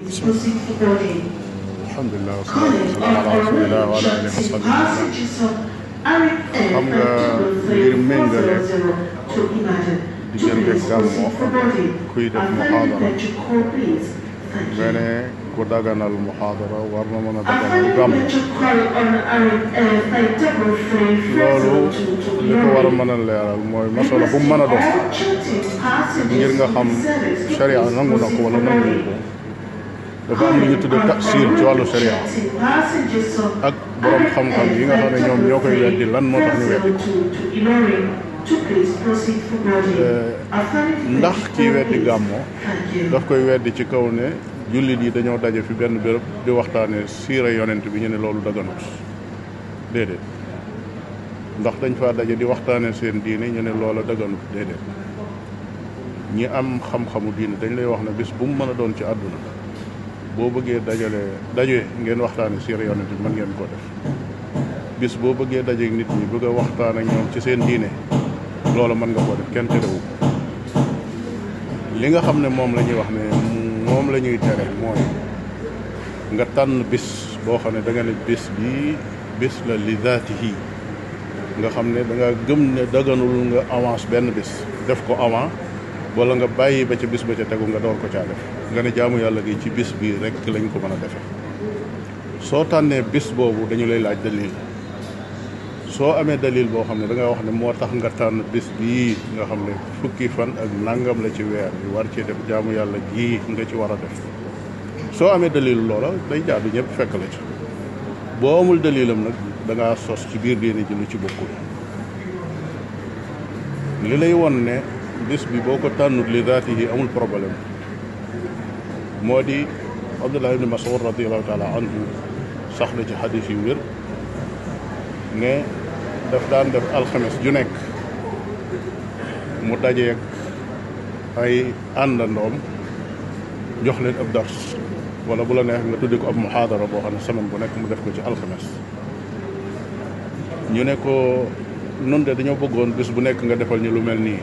الحمد لله والصلاة والسلام على رسول الله وعلى آله وصحبه وسلم. الحمد لله ديجان بيكام كويدة محاضرة غنى كودا غنى المحاضرة وارنا منا بيكام مقام لولو لكو وارنا منا اللي على الموي مسألة هم منا دو ديجان غنى خم شريعة نمو نقوى نمو نمو dafa am ñu tuddee tafsir ci wàllu sharia ak borom xam-xam yi nga xam ne ñoom ñoo koy weddi lan moo tax ñu weddi eh, ndax kii weddi gàmmo daf koy weddi ci kaw ne jullit yi dañoo daje fi benn béréb di waxtaane siira yonent bi ñu ne loolu daganut déedéet ndax dañ fa daje di waxtaane seen diine ñu ne loola daganut déedéet ñi am xam-xamu diine dañ lay wax ne bis bu mu mën a doon ci àdduna boo bëggee dajale daje ngeen waxtaane siir yonent bi man ngeen ko def bis boo bëggee daje nit ñi bëgg a waxtaan ak ñoom ci seen diine loolu mën nga koo def kenn terewu li nga xam ne moom la ñuy wax ne moom la ñuy tere mooy nga tànn bis boo xam ne da nga ne bis bii bis la li zaatihi nga xam ne da nga gëm ne daganul nga avance benn bis def ko avant wala nga bàyyi ba ca bis ba ca tegu nga door ko caa def nga ne jaamu yàlla gi ci bis bii rek lañ ko mën a defe soo tànnee bis boobu dañu lay laaj dalil soo amee daliil boo xam ne da wax ne moo tax nga tànn bis bii nga xam ne fukki fan ak nangam la ci weer yu war cee def jaamu yàlla gii nga ci war a def soo amee dalil loola day jaadu ñëpp fekk la ci boo amul dalilam nag danga sos ci biir diine ji lu ci bokkul li lay won ne bis bi boo ko tànnut li daatihi amul problème moo di abdullah ibni masud radiallahu taala anhu sax na ci xadis yu wér ne daf daan def alxames ju nekk mu dajeeg ay àndandoom jox leen ab dars wala bu la neex nga tudde ko ab muhaadara boo xam ne semaine bu nekk mu def ko ci alxames ñu ne ko nun de dañoo bëggoon bis bu nekk nga defal ñu lu mel nii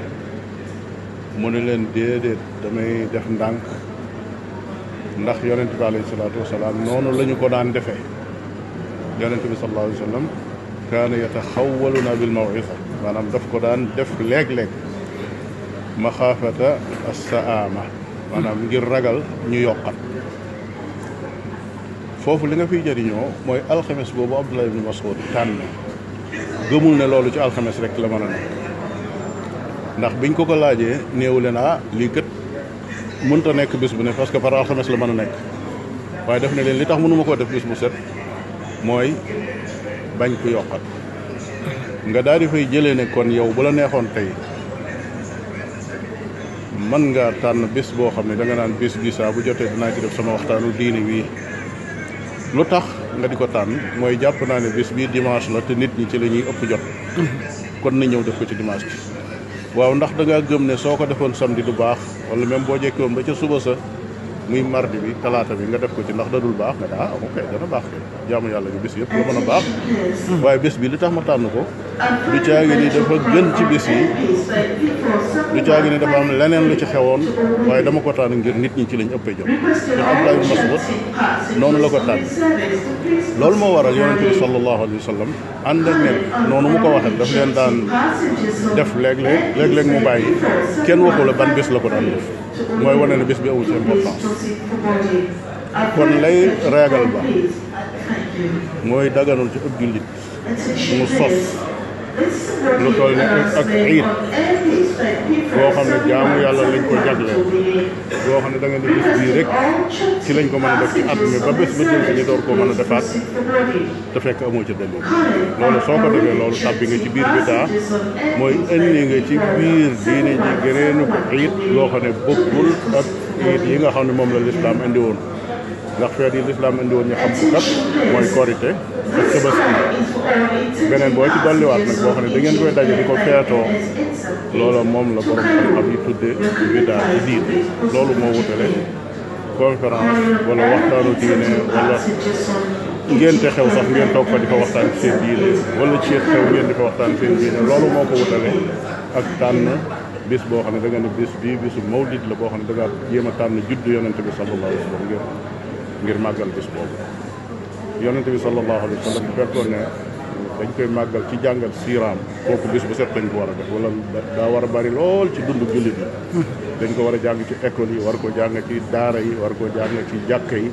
mu ne leen déedéet damay def ndànk ndax yonent bi alayhi salaatu wasalaam noonu la ko daan defe yonent bi sallallahu alayhi wa sallam kaana yataxawwaluna bil mawisa maanaam daf ko daan def léeg-léeg maxaafata assaama maanaam ngir ragal ñu yokkat foofu li nga fiy jëriñoo mooy alxames boobu Abdullah ibn Mas'ud tànn gëmul ne loolu ci alxames rek la mën a ndax biñ ko ko laajee néewule naa ah lii kët mënta nekk bis bu ne parce que par alxames la mën a nekk waaye def na leen li tax mënuma koo def bis bu set mooy bañ ku yokkat nga daal di fay jëlee ne kon yow bu la neexoon tey man nga tànn bis boo xam ne da nga naan bis bi bu jotee dinaa ci def sama waxtaanu diine wii lu tax nga di ko tànn mooy jàpp naa ne bis bii dimanche la te nit ñi ci la ñuy ëpp jot mm-hmm. kon na ñëw def ko ci dimanche bi waaw ndax da ngaa gëm ne soo ko defoon samedi du baax wala même boo jekkiwoon ba ca suba sa muy mardi bi talaata bi nga def ko ci ndax dadul baax nga ne ah ok dana baax kay jaamu yàlla bi bis yëpp la mën a baax waaye bis bi li tax ma tànn ko lu caagi ni dafa gën ci bis yi lu caagi ni dafa am leneen lu ci xewoon waaye dama ko tànn ngir nit ñi ci lañ ëppee jot te Abdulaay bu Mas'ud noonu la ko tànn loolu moo waral yonente bi sallallahu alayhi wa sallam ànd ak ne noonu mu ko waxee daf leen daan def léeg-léeg léeg mu bàyyi kenn waxu la la ko daan def mooy wane ne kon lay reegal ba mooy daganul ci ëpp jullit mu sos lu toll ne ak iid boo xam ne jaamu yàlla lañ ko jagleel boo xam ne danga nga ne bés bii rek ci lañ ko mën a def ci at mi ba bés ba jël ñu door koo mën a defaat te fekk amoo ca dëgg loolu soo ko defee loolu tàbbi nga ci biir bi daa mooy indi nga ci biir diine ji gëneenu iid loo xam ne bokkul ak iid yi nga xam ne moom la lislaam indi woon ndax feet yi lislaam indi woon ñu xam ko kat mooy korite ak tabaski beneen boo ci dolliwaat nag boo xam ne da ngeen koy daje di ko feetoo loolu moom la borom xam-xam yi tudde bidaa ci diin loolu moo wutale conférence wala waxtaanu diine wala ngeen te xew sax ngeen toog fa di fa waxtaan ci seen diine wala ci xew ngeen di fa waxtaan seen diine loolu moo ko wutale ak tànn bis boo xam ne da nga ne bis bii bisu mawlid la boo xam ne da nga jéem a tànn juddu yonente bi sallallahu alayhi wa sallam ngir màggal bis boobu yonent bi sallallahu alayhi wa sallam bu fekkoon ne dañ koy màggal ci jàngal siiraam kooku bis bu set lañ ko war a def wala daa war a bari lool ci dundu jullit yi dañ ko war a jàng ci école yi war koo jàng ci daara yi war koo jàng ci jàkka yi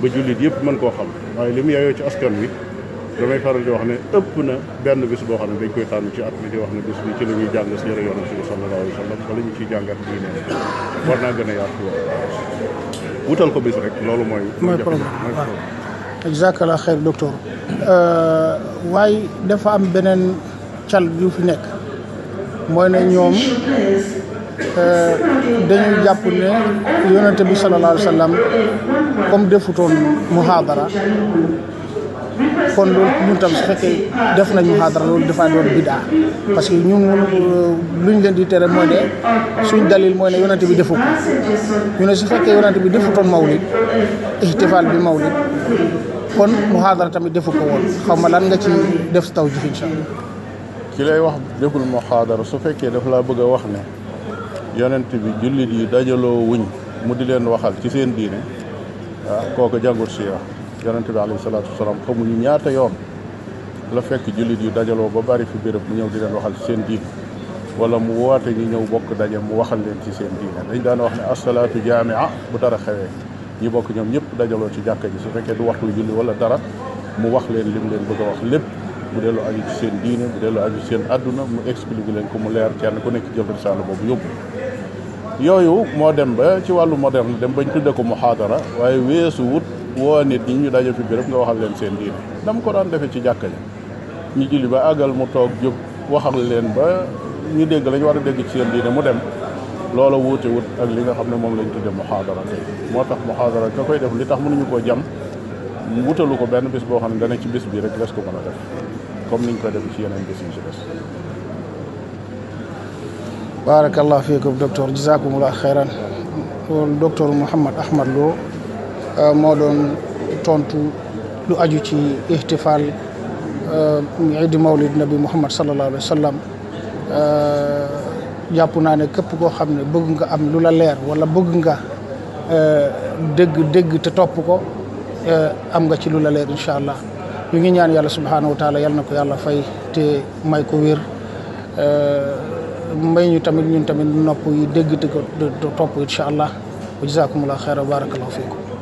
ba jullit yëpp mën koo xam waaye li mu yeyoo ci askan wi damay faral di wax ne ëpp na benn bis boo xam ne dañ koy tànn ci at mi di wax ne bis bi ci la ñuy jàng si yore yoonu si sallallahu alayhi wa sallam wala ñu ciy jàngat wutal ko bis rek loolu mooy. mooy problème waaw jazakallah xeer docteur. Euh, waaye dafa am beneen cal yu fi nekk mooy ne ñoom euh, dañu jàpp ne yonente bi sallallahu alayhi wa sallam comme defutoon muhaadara kon loolu ñun tam su fekkee def nañ muhaadara loolu dafa doon bidaa parce que ñun mënu euh, ñu leen di tere mooy ne suñ dalil mooy ne yonante bi defu ñu ne su fekkee yonante bi defutoon mawlid ihtifaal bi mawlid kon muhaadara tamit defu ko woon xaw ma lan nga ci def taw ji incha allah ki lay wax deful muhaadara su fekkee daf laa bëgg a wax ne yonent bi jullit yi dajaloo wuñ mu di leen waxal ci seen diine waaw ah, kooku jàngut si yow yonente bi alayhi salaatu wasalaam xamuñu ñaata yoon la fekk jullit yu dajaloo ba bari fi béréb mu ñëw di leen waxal ci seen diine wala mu woote ñu ñëw bokk daje mu waxal leen ci seen diine dañ daan wax ne asalaatu jaamia bu dara xewee ñi bokk ñoom ñëpp dajaloo ci jàkka ji su fekkee du waxtu julli wala dara mu wax leen lim leen bëgg a wax lépp bu dee lu aju ci seen diine bu dee lu aju ci seen àdduna mu expliqué leen ko mu leer kenn ku nekk jël risaala boobu yóbbu yooyu moo dem ba ci wàllu moderne dem bañ tudde ko muhaadara woo nit ñi ñu daje fi béréb nga waxal leen seen diine dama ko daan defee ci jàkka ja ñu julli ba àggal mu toog waxal leen ba dégg lañ dégg ci seen mu dem loola wuute wut ak li nga xam ne lañ tudde muxaadara tey moo ka koy def li tax jam wutalu ko benn bis boo xam ne dana ci bis bi rek des ko mën a def comme niñ koy def ci yeneen bis yi ci des fiikum docteur khairan docteur Muhammad Ahmad Lo Euh, moo doon tontu lu aju ci ihtifal euh, idi mawlid nabi muhammad sallallahu alayhi wa sallam euh, jàpp naa ne képp koo xam ne bëgg nga am lu la leer wala bëgg nga dégg dégg te topp ko am nga ci lu la leer incha allah ñu ngi ñaan yàlla subhanahu wa taala yàlla na ko yàlla fay te may ko wér may ñu tamit ñun tamit nopp yi dégg te ko topp incha allah wa jazakumullah xeyra barakallahu fiikum